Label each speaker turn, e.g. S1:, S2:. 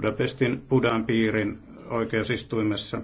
S1: Budapestin Budan piirin oikeusistuimessa